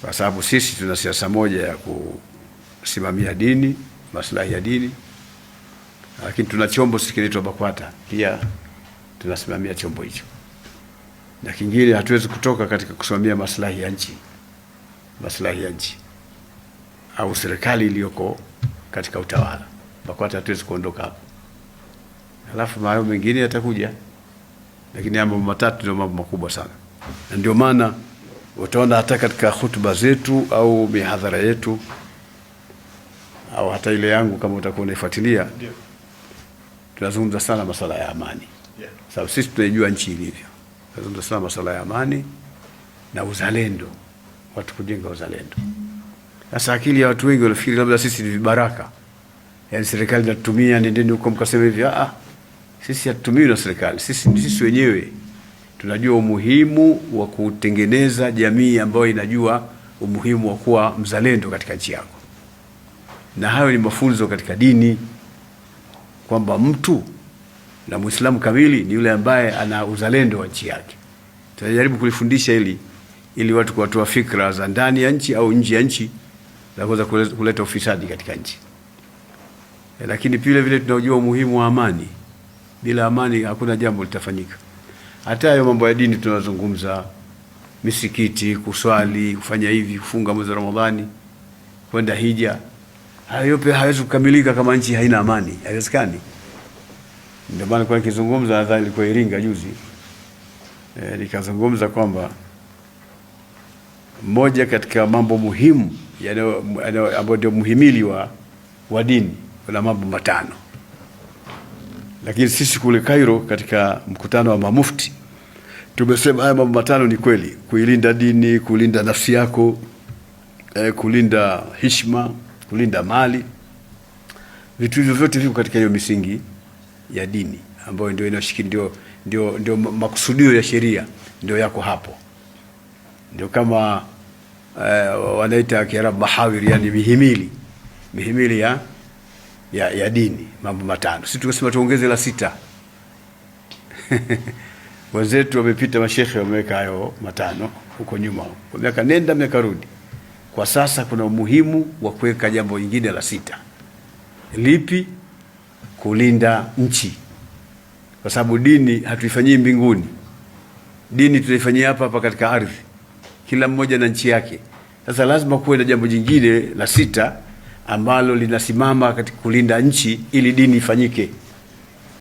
kwa sababu sisi tuna siasa moja ya kusimamia dini, maslahi ya dini, lakini tuna chombo sikinaitwa BAKWATA pia tunasimamia chombo hicho, na kingine hatuwezi kutoka katika kusimamia maslahi ya nchi, maslahi ya nchi au serikali iliyoko katika utawala. BAKWATA hatuwezi kuondoka hapo, alafu mayo mengine yatakuja, lakini mambo matatu ndio mambo makubwa sana, na ndio maana Utaona hata katika hutuba zetu au mihadhara yetu au hata ile yangu kama utakuwa unaifuatilia, tunazungumza sana masala ya amani, sababu sisi tunaijua nchi ilivyo. Tunazungumza sana masala ya amani na uzalendo, watu kujenga uzalendo. Sasa akili ya watu wengi wanafikiri labda sisi ni vibaraka, yaani serikali inatutumia, nendeni huko mkasema hivi. Ah, ah sisi hatutumiwi na serikali, sisi sisi wenyewe tunajua umuhimu wa kutengeneza jamii ambayo inajua umuhimu wa kuwa mzalendo katika nchi yako, na hayo ni mafunzo katika dini kwamba mtu na Muislamu kamili ni yule ambaye ana uzalendo wa nchi yake. Tunajaribu kulifundisha hili ili watu kuwatoa fikra za ndani ya nchi au nje ya nchi za kuweza kuleta ufisadi katika nchi. Eh, lakini vile vile tunajua umuhimu wa amani. Bila amani hakuna jambo litafanyika. Hata hayo mambo ya dini tunazungumza, misikiti, kuswali, kufanya hivi, kufunga mwezi wa Ramadhani, kwenda hija, hayo yote hawezi kukamilika kama nchi haina amani, haiwezekani. Ndio maana kwa nikizungumza, nadhani ilikuwa Iringa juzi, e, nikazungumza kwamba mmoja katika mambo muhimu ambayo ndio muhimili wa, wa dini kuna mambo matano lakini sisi kule Cairo katika mkutano wa mamufti tumesema haya mambo matano ni kweli: kuilinda dini, kulinda nafsi yako, eh, kulinda heshima, kulinda mali. Vitu hivyo vyote viko katika hiyo misingi ya dini ambayo ndio inashiki, ndio, ndio, ndio makusudio ya sheria ndio yako hapo, ndio kama eh, wanaita Kiarabu mahawir, yani mihimili mihimili ya ya, ya dini mambo matano. si tukasema tuongeze la sita wenzetu wamepita, mashehe wameweka hayo matano huko nyuma, kwa miaka nenda miaka rudi. Kwa sasa kuna umuhimu wa kuweka jambo lingine la sita. Lipi? Kulinda nchi, kwa sababu dini hatuifanyii mbinguni, dini tunaifanyia hapa hapa katika ardhi, kila mmoja na nchi yake. Sasa lazima kuwe na jambo jingine la sita ambalo linasimama katika kulinda nchi ili dini ifanyike.